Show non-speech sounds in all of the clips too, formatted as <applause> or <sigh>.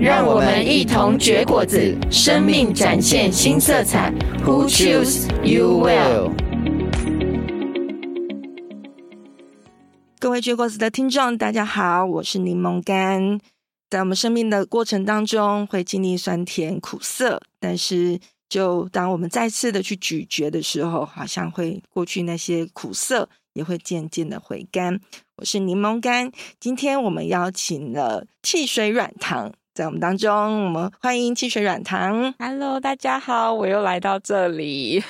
讓我們一同嚼果子，生命展現新色彩。Who choose you will？各位嚼果子的聽眾，大家好，我是檸檬乾。在我們生命的過程當中，會經歷酸甜苦澀，但是就當我們再次的去咀嚼的時候，好像會過去那些苦澀，也會漸漸的回甘。我是檸檬乾，今天我們邀請了汽水軟糖。在我們當中，我們歡迎汽水軟糖。Hello，大家好，我又來到這裡。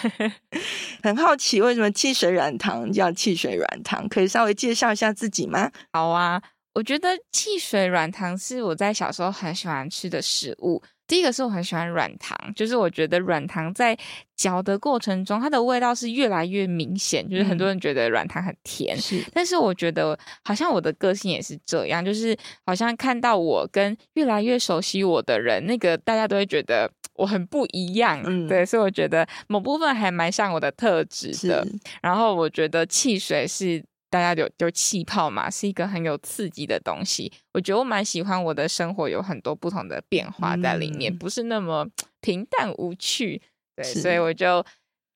<laughs> 很好奇，為什麼汽水軟糖叫汽水軟糖？可以稍微介紹一下自己嗎？好啊，我覺得汽水軟糖是我在小時候很喜歡吃的食物。第一個是我很喜歡軟糖，就是我覺得軟糖在嚼的過程中，它的味道是越來越明顯。就是很多人覺得軟糖很甜，嗯、是。但是我覺得好像我的個性也是這樣，就是好像看到我跟越來越熟悉我的人，那個大家都會覺得我很不一樣。嗯、對，所以我覺得某部分還蠻像我的特質的。是然後我覺得汽水是。大家就就氣泡嘛，是一個很有刺激的東西。我覺得我蠻喜歡我的生活，有很多不同的變化在裡面，嗯、不是那麼平淡無趣。對，是所以我就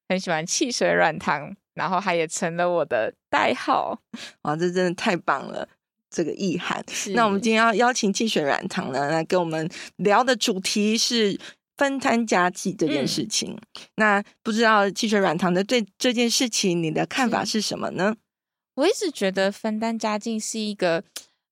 很喜歡汽水軟糖，然後它也成了我的代號。哇，這真的太棒了，這個意涵。是那我們今天要邀請汽水軟糖呢，來跟我們聊的主題是分擔家計這件事情。嗯、那不知道汽水軟糖的對這件事情，你的看法是什麼呢？我一直覺得分擔家計是一個，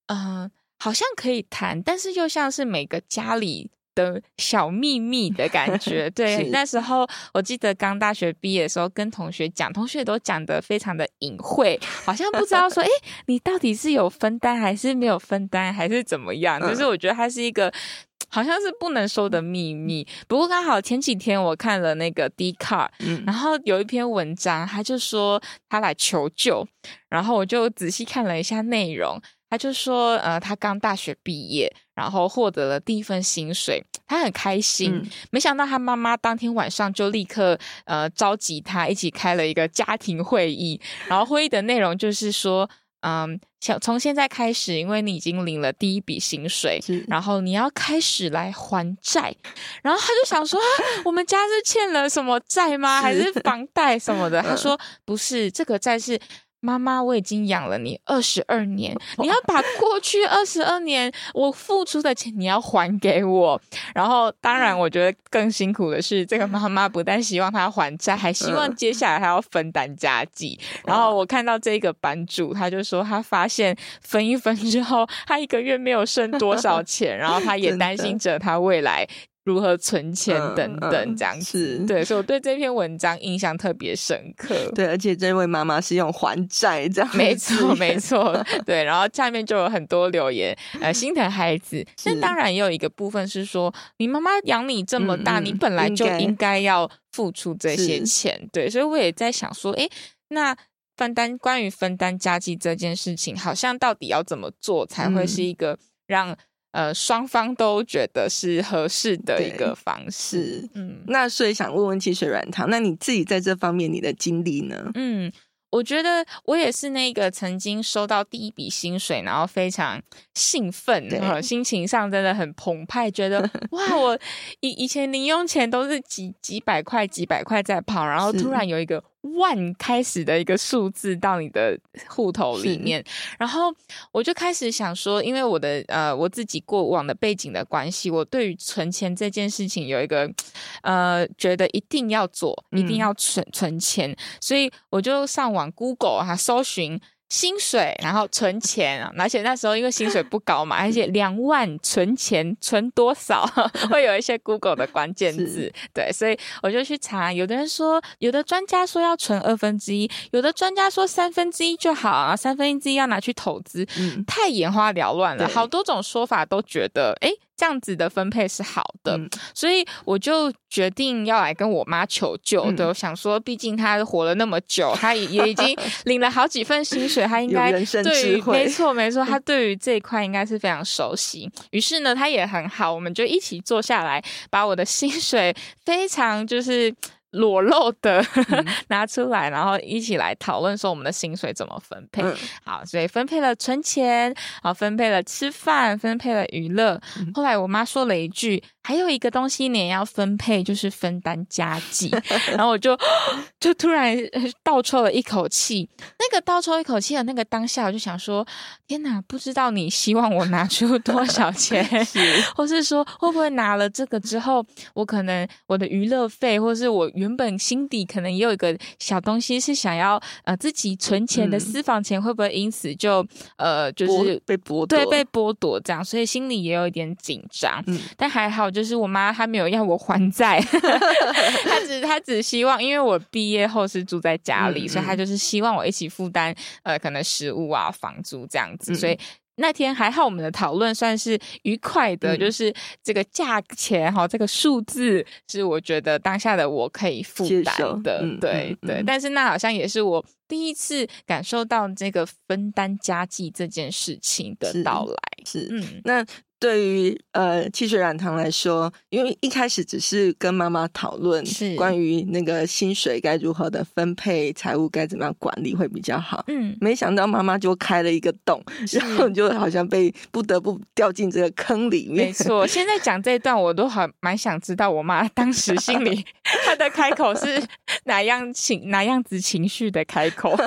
嗯、呃，好像可以談，但是又像是每個家裡的小祕密的感覺。對， <laughs> 是那時候我記得剛大學畢業的時候，跟同學講，同學都講得非常的隱晦，好像不知道說，哎、 <laughs> 欸，你到底是有分擔還是沒有分擔，還是怎麼樣？就是我覺得它是一個。好像是不能說的秘密。不過剛好前幾天我看了那個 Dcard，然後有一篇文章，他就說他來求救，然後我就仔細看了一下內容。他就說，呃，他剛大學畢業，然後獲得了第一份薪水，他很開心。嗯、沒想到他媽媽當天晚上就立刻呃召集他一起開了一個家庭會議，然後會議的內容就是說，嗯、呃。想從現在開始，因為你已經領了第一筆薪水，是然後你要開始來還債。然後他就想說、 <laughs> 啊：“我們家是欠了什麼債嗎？還是房貸什麼的？”是他說：“ <laughs> 不是，這個債是。”媽媽，我已經養了你二十二年，你要把過去二十二年我付出的錢，你要還給我。然後，當然，我覺得更辛苦的是，嗯、這個媽媽不但希望她還債，還希望接下來她要分擔家計。嗯、然後，我看到這個版主，她就說她發現分一分之後，她一個月沒有剩多少錢，呵呵然後她也擔心着她未來。如何存錢等等這樣子，嗯嗯、對，所以我對這篇文章印象特別深刻。對，而且這位媽媽是用還債這樣子，沒錯，沒錯，沒錯。對，然後下面就有很多留言，呃，心疼孩子。是但當然也有一個部分是說，你媽媽養你這麼大，嗯嗯、你本來就應該要付出這些錢。該對，所以我也在想說，誒、欸、那分擔關於分擔家計這件事情，好像到底要怎麼做才會是一個讓。呃，雙方都覺得是合適的一個方式。嗯，那所以想問問汽水軟糖，那你自己在這方面你的經歷呢？嗯，我覺得我也是那個曾經收到第一筆薪水，然後非常興奮對，心情上真的很澎湃，覺得哇，我以以前零用錢都是幾幾百塊、幾百塊在跑，然後突然有一個。萬開始的一個數字到你的戶頭裡面，是然後我就開始想說，因為我的呃我自己過往的背景的關係，我對於存錢這件事情有一個呃覺得一定要做，一定要存、嗯、存錢，所以我就上網 Google 啊搜尋。薪水，然後存錢， <laughs> 而且那時候因為薪水不高嘛， <laughs> 而且兩萬存錢存多少，會有一些 Google 的關鍵字，是對，所以我就去查，有的人說，有的專家說要存二分之一，2, 有的專家說三分之一就好，三分之一要拿去投資，嗯，太眼花繚亂了，對好多種說法都覺得，誒這樣子的分配是好的，嗯、所以我就決定要來跟我媽求救的。嗯、我想說，畢竟她活了那麼久，她也已經領了好幾份薪水， <laughs> 她應該對。沒錯，沒錯，她對於這一塊應該是非常熟悉。於、嗯、是呢，她也很好，我們就一起坐下來，把我的薪水非常就是。裸露的 <laughs> 拿出來，然後一起來討論說我們的薪水怎麼分配。嗯、好，所以分配了存錢，好，分配了吃飯，分配了娛樂。嗯、後來我媽說了一句。還有一個東西你要分配，就是分擔家計。然後我就就突然倒抽了一口氣。那個倒抽一口氣的那個當下，我就想說：天哪，不知道你希望我拿出多少錢， <laughs> 是。或是說會不會拿了這個之後，我可能我的娛樂費，或是我原本心底可能也有一個小東西是想要呃自己存錢的私房錢，嗯、會不會因此就呃就是被剝奪？對，被剝奪這樣，所以心裡也有一點緊張。嗯、但還好就。就是我媽，她沒有要我還債， <laughs> <laughs> 她只她只希望，因為我畢業後是住在家裡，嗯嗯、所以她就是希望我一起負擔，呃，可能食物啊、房租這樣子。嗯、所以那天還好，我們的討論算是愉快的，嗯、就是這個價錢哈、哦，這個數字是我覺得當下的我可以負擔的，對受對。但是那好像也是我第一次感受到這個分擔家計這件事情的到來，是，是嗯那。對於呃汽水軟糖來說，因為一開始只是跟媽媽討論關於那個薪水該如何的分配，財務該怎麼樣管理會比較好。嗯，沒想到媽媽就開了一個洞，是然後你就好像被不得不掉進這個坑裡面。沒錯，現在講這一段，我都好，蠻想知道我媽當時心裡 <laughs> 她的開口是哪樣情 <laughs> 哪樣子情緒的開口。 <laughs>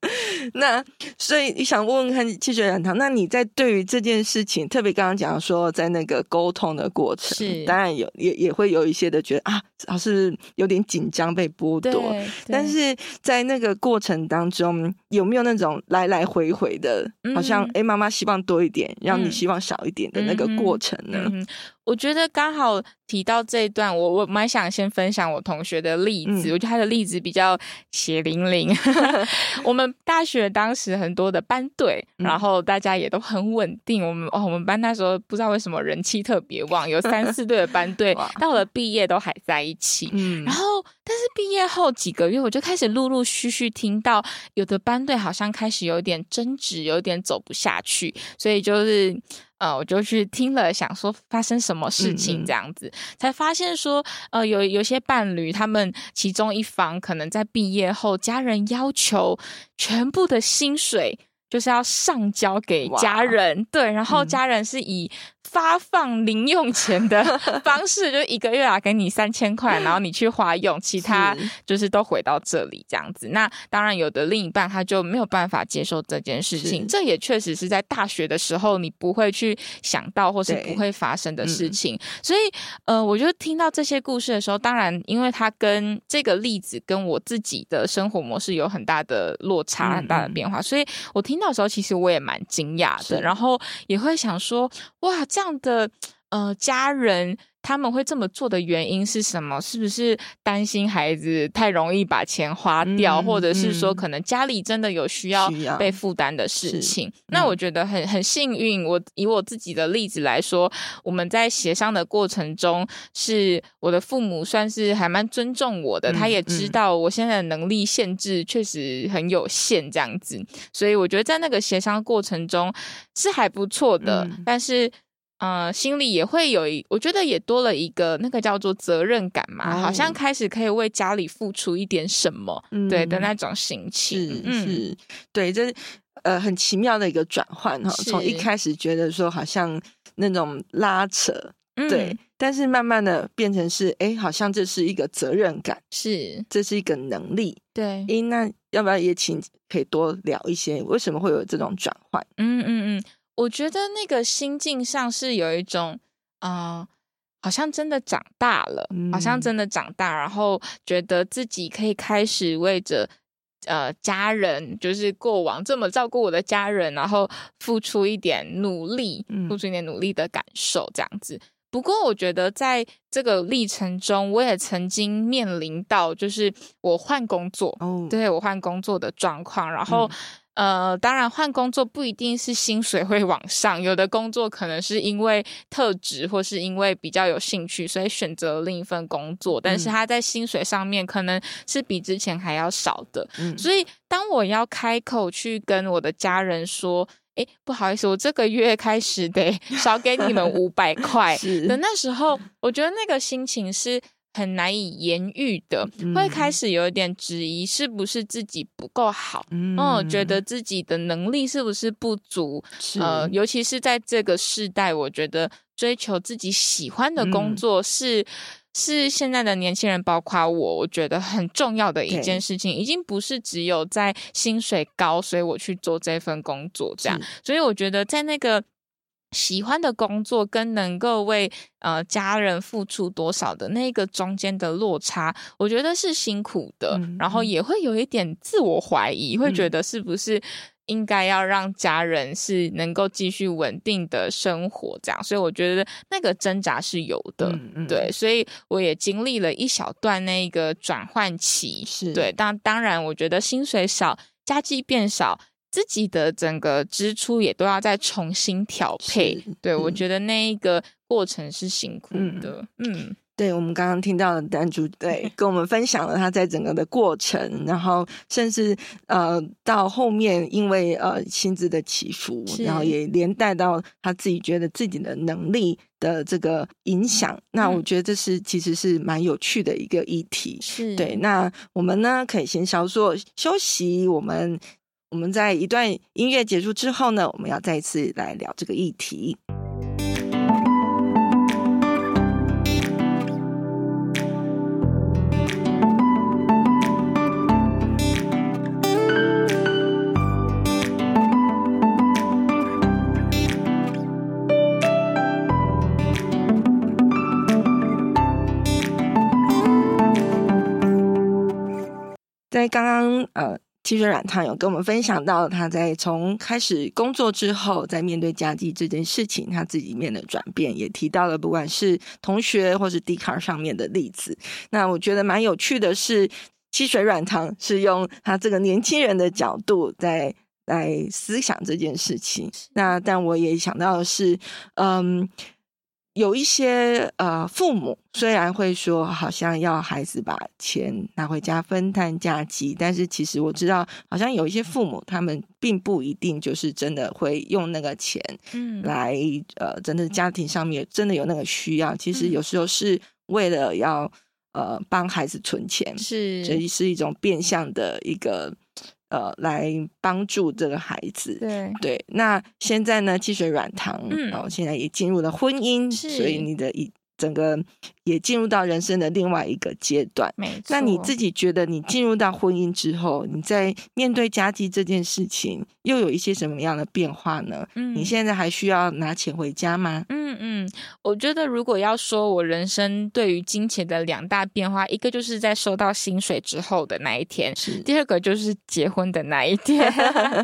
<laughs> 那所以你想問問看汽水軟糖，那你在對於這件事情，特別剛剛。假如說在那個溝通的過程，當然有也也會有一些的覺得啊。好像是有點緊張，被剝奪，但是在那個過程當中，有沒有那種來來回回的，嗯、哼好像哎，媽、欸、媽希望多一點，讓你希望少一點的那個過程呢？嗯嗯、我覺得剛好提到這一段，我我蠻想先分享我同學的例子，嗯、我覺得他的例子比較血淋淋。 <laughs> 我們大學當時很多的班隊，然後大家也都很穩定。嗯、我們哦，我們班那時候不知道為什麼人氣特別旺，有三四隊的班隊，到了畢業都還在。一起，嗯，然後，但是畢業後幾個月，我就開始陸陸續續聽到有的班隊好像開始有點爭執，有點走不下去，所以就是，呃，我就去聽了，想說發生什麼事情這樣子，嗯嗯才發現說，呃，有有些伴侶，他們其中一方可能在畢業後，家人要求全部的薪水就是要上交給家人，哇對，然後家人是以。嗯發放零用錢的方式， <laughs> 就一個月啊，給你三千塊，然後你去花用，其他就是都回到這裡這樣子。是那當然，有的另一半他就沒有辦法接受這件事情，是這也確實是在大學的時候你不會去想到，或是不會發生的事情。嗯、所以，呃，我就聽到這些故事的時候，當然，因為他跟這個例子跟我自己的生活模式有很大的落差，嗯嗯很大的變化，所以我聽到的時候，其實我也蠻驚訝的，是然後也會想說，哇，這樣。這樣的呃，家人他們會這麼做的原因是什麼？是不是擔心孩子太容易把錢花掉，嗯嗯、或者是說可能家裡真的有需要被負擔的事情？嗯、那我覺得很很幸運。我以我自己的例子來說，我們在協商的過程中，是我的父母算是還蠻尊重我的，嗯嗯、他也知道我現在的能力限制確實很有限，這樣子。所以我覺得在那個協商過程中是還不錯的，嗯、但是。呃，心裡也會有一，我覺得也多了一個那個叫做責任感嘛，哦、好像開始可以為家裡付出一點什麼，嗯、對的那種心情。是、是、嗯、對，這是呃很奇妙的一個轉換哈，是、從一開始覺得說好像那種拉扯，嗯、對，但是慢慢的變成是，哎、欸，好像這是一個責任感，是，這是一個能力，對、欸。那要不要也請可以多聊一些，為什麼會有這種轉換？嗯嗯嗯。我覺得那個心境上是有一種，啊、呃，好像真的長大了，嗯、好像真的長大，然後覺得自己可以開始為着，呃，家人，就是過往這麼照顧我的家人，然後付出一點努力，嗯、付出一點努力的感受這樣子。不過，我覺得在這個歷程中，我也曾經面臨到，就是我換工作，哦、對，我換工作的狀況，然後。嗯呃，當然，換工作不一定是薪水會往上，有的工作可能是因為特質，或是因為比較有興趣，所以選擇另一份工作，但是他在薪水上面可能是比之前還要少的。嗯、所以，當我要開口去跟我的家人說：“哎、欸，不好意思，我這個月開始得少給你們五百塊。 <laughs> 是”的那時候，我覺得那個心情是。很難以言喻的，嗯、會開始有一點質疑，是不是自己不夠好？嗯，嗯覺得自己的能力是不是不足？是呃，尤其是在這個世代，我覺得追求自己喜歡的工作是、嗯、是現在的年輕人，包括我，我覺得很重要的一件事情，對已經不是只有在薪水高，所以我去做這份工作這樣。是所以我覺得在那個。喜歡的工作跟能夠為呃家人付出多少的那個中間的落差，我覺得是辛苦的，嗯嗯然後也會有一點自我懷疑，嗯、會覺得是不是應該要讓家人是能夠繼續穩定的生活這樣，所以我覺得那個掙扎是有的，嗯嗯對，所以我也經歷了一小段那個轉換期，是對，但當然我覺得薪水少，家計變少。自己的整個支出也都要再重新調配，是對、嗯、我覺得那一個過程是辛苦的。嗯，嗯對，我們剛剛聽到單主對 <laughs> 跟我們分享了他在整個的過程，然後甚至呃到後面因為呃薪資的起伏，是然後也連帶到他自己覺得自己的能力的這個影響。嗯、那我覺得這是、嗯、其實是蠻有趣的一個議題。是對，那我們呢可以先稍作休息，我們。我們在一段音樂結束之後呢，我們要再一次來聊這個議題。在剛剛呃。汽水軟糖有跟我們分享到，他在從開始工作之後，在面對家計這件事情，他自己面的轉變，也提到了不管是同學或是 Dcard 上面的例子。那我覺得蠻有趣的是，汽水軟糖是用他這個年輕人的角度在來思想這件事情。那但我也想到的是，嗯。有一些呃，父母雖然會說好像要孩子把錢拿回家分攤家計，但是其實我知道，好像有一些父母他們並不一定就是真的會用那個錢，嗯，來呃，真的家庭上面真的有那個需要，其實有時候是為了要呃幫孩子存錢，是，所以是一種變相的一個。呃，來幫助這個孩子。對對，那現在呢？汽水軟糖，然後、嗯哦、現在也進入了婚姻，是所以你的一。整個也進入到人生的另外一個階段。沒錯。那你自己覺得，你進入到婚姻之後，你在面對家計這件事情，又有一些什麼樣的變化呢？嗯，你現在還需要拿錢回家嗎？嗯嗯，我覺得如果要說我人生對於金錢的兩大變化，一個就是在收到薪水之後的那一天，是第二個就是結婚的那一天。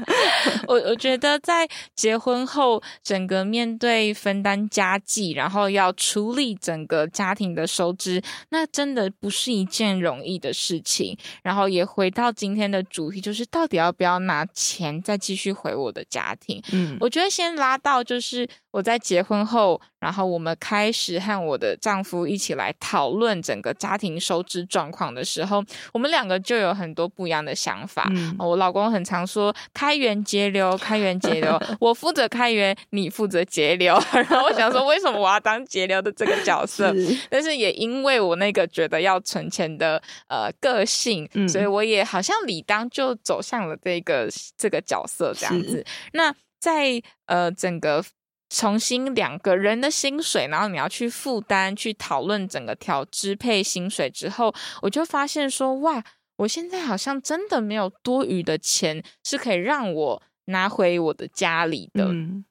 <laughs> 我我覺得在結婚後，整個面對分擔家計，然後要處理。整個家庭的收支，那真的不是一件容易的事情。然後也回到今天的主題，就是到底要不要拿錢再繼續回我的家庭？嗯，我覺得先拉到就是我在結婚後，然後我們開始和我的丈夫一起來討論整個家庭收支狀況的時候，我們兩個就有很多不一樣的想法。嗯，我老公很常說開源節流，開源節流。 <laughs> 我負責開源，你負責節流。 <laughs> 然後我想說，為什麼我要當節流的這個角度？角色，是但是，也因為我那個覺得要存錢的呃個性，嗯、所以我也好像理當就走向了這個這個角色這樣子。是那在呃整個重新兩個人的薪水，然後你要去負擔去討論整個調支配薪水之後，我就發現說哇，我現在好像真的沒有多餘的錢是可以讓我拿回我的家裡的。嗯、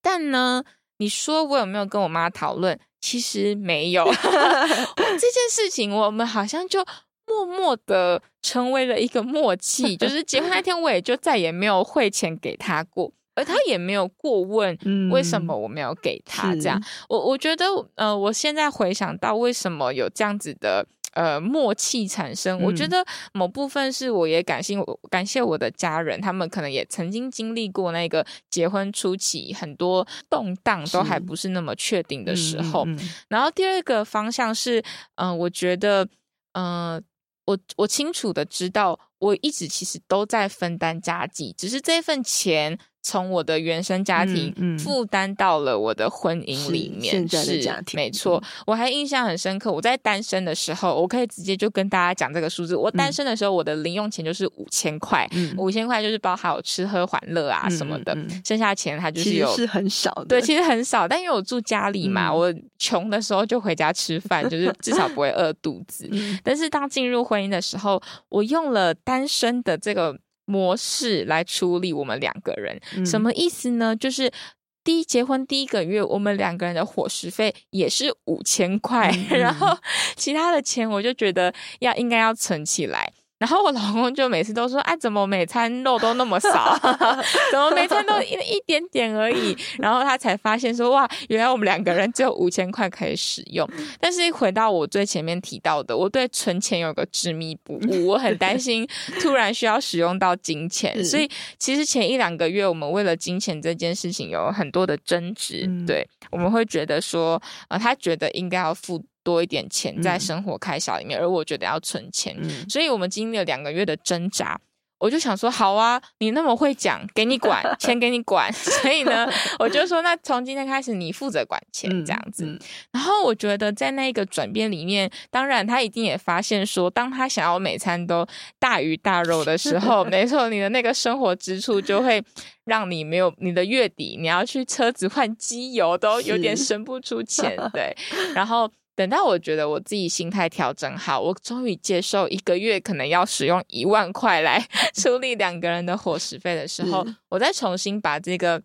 但呢，你說我有沒有跟我媽討論？其實沒有， <laughs> 這件事情我們好像就默默的成為了一個默契。就是結婚那天，我也就再也沒有匯錢給他過，而他也沒有過問為什麼我沒有給他這樣。嗯、我我覺得，呃，我現在回想到為什麼有這樣子的。呃，默契產生，我覺得某部分是我也感謝我感謝我的家人，嗯、他們可能也曾經經歷過那個結婚初期很多動盪都還不是那麼確定的時候。嗯嗯、然後第二個方向是，嗯、呃，我覺得，嗯、呃，我我清楚的知道，我一直其實都在分擔家計，只是這份錢。從我的原生家庭負擔到了我的婚姻裡面，嗯嗯、是，現在的家庭，是沒錯。嗯、我還印象很深刻，我在單身的時候，我可以直接就跟大家講這個數字。我單身的時候，我的零用錢就是五千塊，五、嗯、千塊就是包含我吃喝玩樂啊什麼的，剩下錢它就是有是很少的。對，其實很少，但因為我住家裡嘛，嗯、我窮的時候就回家吃飯，就是至少不會餓肚子。 <laughs> 嗯、但是當進入婚姻的時候，我用了單身的這個。模式來處理我們兩個人，嗯、什麼意思呢？就是第一，結婚第一個月，我們兩個人的伙食費也是五千塊，嗯嗯，然後其他的錢我就覺得要應該要存起來。然後我老公就每次都說：“哎、啊，怎麼每餐肉都那麼少？ <laughs> 怎麼每餐都一一點點而已？” <laughs> 然後他才發現說：“哇，原來我們兩個人只有五千塊可以使用。”但是，一回到我最前面提到的，我對存錢有個執迷不悟， <laughs> 我很擔心突然需要使用到金錢，是所以其實前一兩個月我們為了金錢這件事情有很多的爭執。嗯、對，我們會覺得說：“呃，他覺得應該要付。”多一點錢在生活開銷裡面，嗯、而我覺得要存錢，嗯、所以我們經歷了兩個月的掙扎。我就想說，好啊，你那麼會講，給你管錢，給你管。 <laughs> 所以呢，我就說，那從今天開始，你負責管錢、嗯、這樣子。嗯、然後我覺得，在那個轉變裡面，當然他一定也發現說，當他想要每餐都大魚大肉的時候， <laughs> 沒錯，你的那個生活支出就會讓你沒有你的月底，你要去車子換機油都有點生不出錢。是 <laughs> 對，然後。等到我覺得我自己心態調整好，我終於接受一個月可能要使用一萬塊來處理兩個人的伙食費的時候，嗯、我再重新把這個。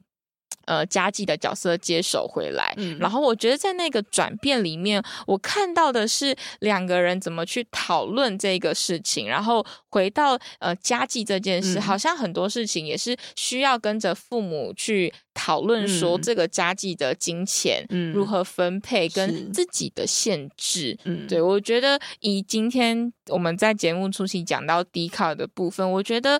呃，家計的角色接手回來，嗯，然後我覺得在那個轉變裡面，我看到的是兩個人怎麼去討論這個事情，然後回到呃家計這件事，嗯、好像很多事情也是需要跟着父母去討論，說這個家計的金錢，嗯、如何分配跟自己的限制，嗯，嗯對，我覺得以今天我們在節目初期講到迪卡的部分，我覺得。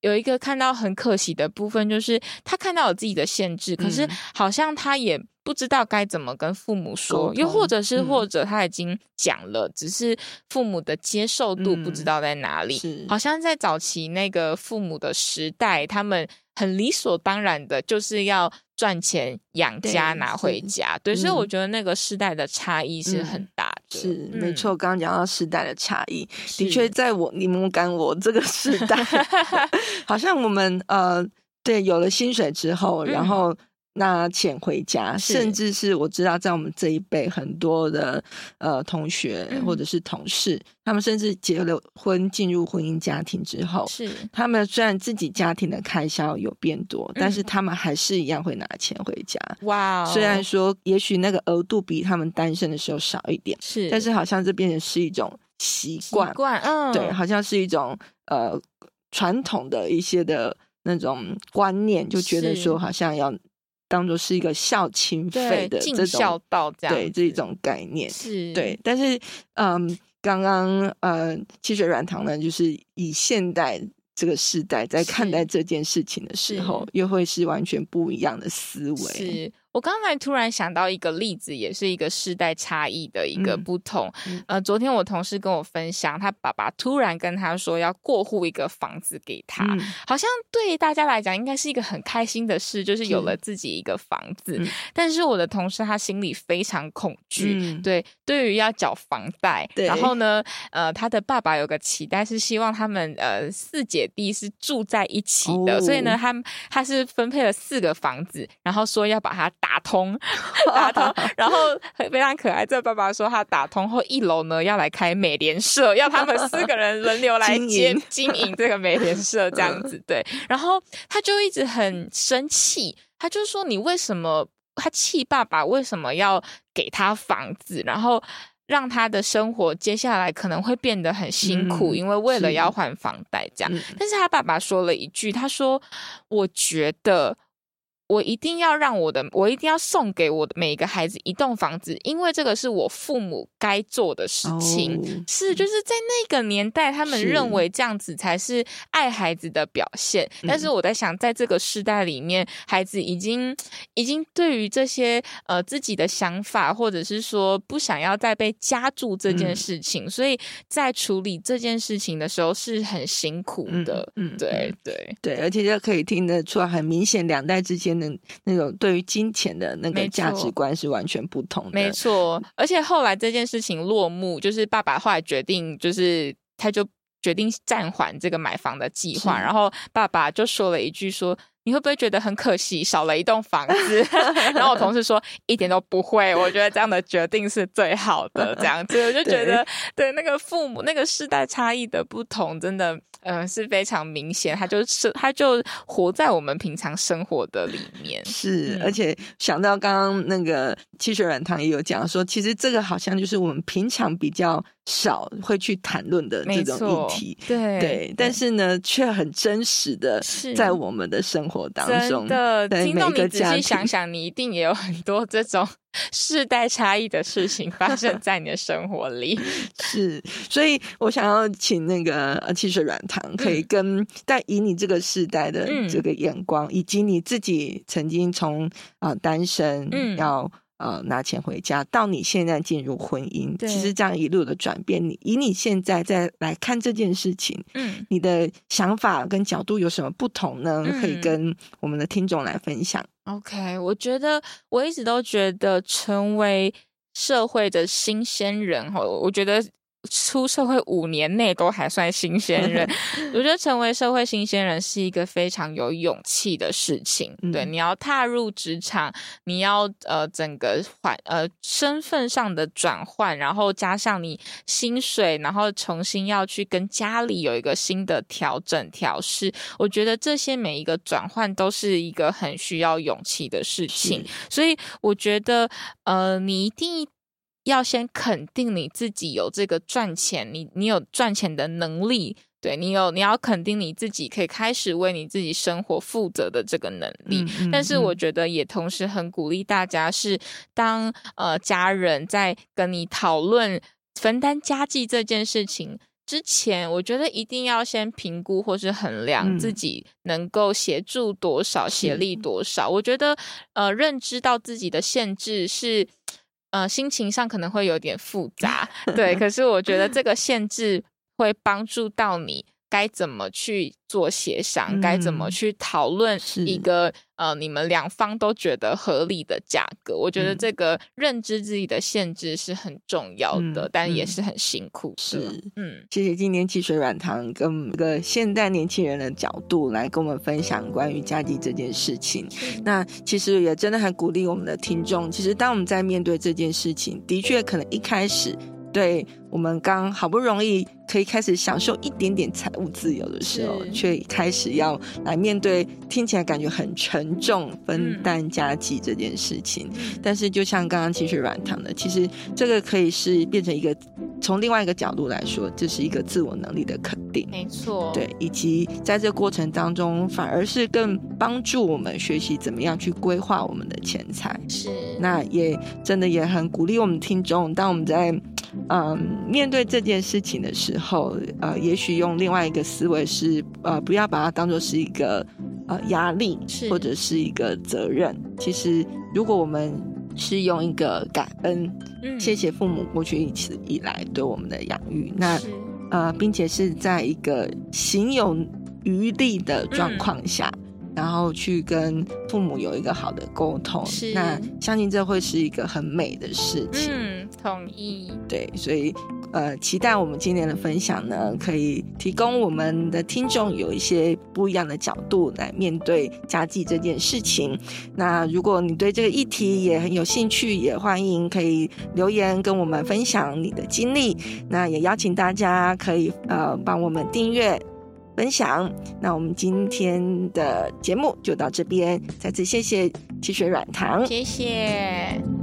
有一個看到很可惜的部分，就是他看到有自己的限制，嗯、可是好像他也不知道該怎麼跟父母說，溝通，又或者是或者他已經講了，嗯、只是父母的接受度不知道在哪裡。嗯、好像在早期那個父母的時代，他們很理所當然的就是要賺錢養家拿回家，對，對嗯、所以我覺得那個時代的差異是很大的。嗯是對、嗯、沒錯，剛剛講到時代的差異，是的確，在我檸檬乾我這個時代， <laughs> <laughs> 好像我們呃，對有了薪水之後，嗯、然後。拿錢回家，是甚至是我知道，在我們這一輩很多的呃同學或者是同事，嗯、他們甚至結了婚進入婚姻家庭之後，是他們雖然自己家庭的開銷有變多，嗯、但是他們還是一樣會拿錢回家。哇、哦，雖然說也許那個額度比他們單身的時候少一點，是，但是好像這變成是一種習慣，習慣、嗯，對，好像是一種呃、傳統的一些的那種觀念，就覺得說好像要。當做是一個孝親費的這種孝道這，這樣，對，這種概念是，對。但是，嗯、呃，剛剛呃，汽水軟糖呢，就是以現代這個時代在看待這件事情的時候，是又會是完全不一樣的思維。是。我剛才突然想到一個例子，也是一個世代差異的一個不同。嗯嗯、呃，昨天我同事跟我分享，他爸爸突然跟他說要過戶一個房子給他，嗯、好像對大家來講應該是一個很開心的事，就是有了自己一個房子。嗯、但是我的同事他心裡非常恐懼，嗯、對，對於要繳房貸。對然後呢，呃，他的爸爸有個期待是希望他們呃四姐弟是住在一起的，哦、所以呢，他他是分配了四個房子，然後說要把它。打通，打通，然後非常可愛。這爸爸說他打通後，一樓呢要來開美聯社，要他們四個人輪流來接經營，經營這個美聯社，這樣子對。然後他就一直很生氣，他就說：“你為什麼？他氣爸爸為什麼要給他房子，然後讓他的生活接下來可能會變得很辛苦，嗯、因為為了要還房貸這樣。”嗯、但是他爸爸說了一句：“他說我覺得。”我一定要讓我的，我一定要送給我的每一個孩子一棟房子，因為這個是我父母該做的事情。Oh. 是，就是在那個年代，他們認為這樣子才是愛孩子的表現。是。但是我在想，在這個世代裡面，孩子已經、嗯、已經對於這些呃自己的想法，或者是說不想要再被加住這件事情，嗯、所以在處理這件事情的時候是很辛苦的。嗯，嗯對，對，對，而且就可以聽得出來，很明顯兩代之間。那那種對於金錢的那個價值觀是完全不同的。沒，沒錯。而且後來這件事情落幕，就是爸爸後來決定，就是他就決定暫緩這個買房的計劃。是然後爸爸就說了一句說：“說你會不會覺得很可惜，少了一棟房子？” <laughs> 然後我同事說：“ <laughs> 一點都不會，我覺得這樣的決定是最好的。” <laughs> 這樣子，我就覺得對，對那個父母那個世代差異的不同，真的。嗯、呃，是非常明顯，他就是他就活在我們平常生活的裡面。是，嗯、而且想到剛剛那個汽水軟糖也有講說，其實這個好像就是我們平常比較少會去談論的這種議題。對，對，對對，但是呢，卻很真實的是在我們的生活當中。真的，對聽眾到你仔細想想，你一定也有很多這種。 <laughs> 世代差異的事情發生在你的生活裡， <laughs> 是，所以我想要請那個呃汽水軟糖，可以跟但、嗯、以你這個世代的這個眼光，嗯、以及你自己曾經從啊、呃、單身要、嗯、呃拿錢回家，到你現在進入婚姻，對其實這樣一路的轉變，你以你現在再來看這件事情，嗯，你的想法跟角度有什麼不同呢？嗯、可以跟我們的聽眾來分享。OK，我覺得我一直都覺得成為社會的新鮮人，我覺得。出社會五年內都還算新鮮人， <laughs> 我覺得成為社會新鮮人是一個非常有勇氣的事情。嗯、對，你要踏入職場，你要呃整個環呃身份上的轉換，然後加上你薪水，然後重新要去跟家裡有一個新的調整調試。我覺得這些每一個轉換都是一個很需要勇氣的事情，是所以我覺得呃你一定。要先肯定你自己有這個賺錢，你你有賺錢的能力。對你有你要肯定你自己可以開始為你自己生活負責的這個能力。嗯嗯嗯，但是我覺得也同時很鼓勵大家是當，當呃家人在跟你討論分擔家計這件事情之前，我覺得一定要先評估或是衡量自己能夠協助多少，嗯、協力多少。是我覺得呃，認知到自己的限制是。呃，心情上可能會有點複雜， <laughs> 對。可是我覺得這個限制會幫助到你。該怎麼去做協商？嗯、該怎麼去討論一個是呃，你們兩方都覺得合理的價格？嗯、我覺得這個認知自己的限制是很重要的，嗯、但也是很辛苦的。嗯、是，嗯，謝謝今年汽水軟糖跟我們這個的現代年輕人的角度來跟我們分享關於家計這件事情。是那其實也真的很鼓勵我們的聽眾。其實當我們在面對這件事情，的確可能一開始對我們剛好不容易。可以開始享受一點點財務自由的時候，卻是開始要來面對聽起來感覺很沉重分擔家計這件事情。嗯、但是，就像剛剛其實軟糖的，嗯、其實這個可以是變成一個從另外一個角度來說，這，就是一個自我能力的肯定。沒錯錯，對，以及在這個過程當中，反而是更幫助我們學習怎麼樣去規劃我們的錢財。是，那也真的也很鼓勵我們聽眾，當我們在嗯面對這件事情的時候。然後，呃，也許用另外一個思維是，呃，不要把它當做是一個呃壓力，是或者是一個責任。其實，如果我們是用一個感恩，嗯、謝謝父母過去一直以來對我們的養育，那是呃，並且是在一個行有餘力的狀況下，嗯、然後去跟父母有一個好的溝通，是那相信這會是一個很美的事情。嗯，同意。對，所以。呃，期待我們今天的分享呢，可以提供我們的聽眾有一些不一樣的角度來面對家計這件事情。那如果你對這個議題也很有興趣，也歡迎可以留言跟我們分享你的經歷。那也邀請大家可以呃幫我們訂閱分享。那我們今天的節目就到這邊，再次謝謝汽水軟糖，謝謝。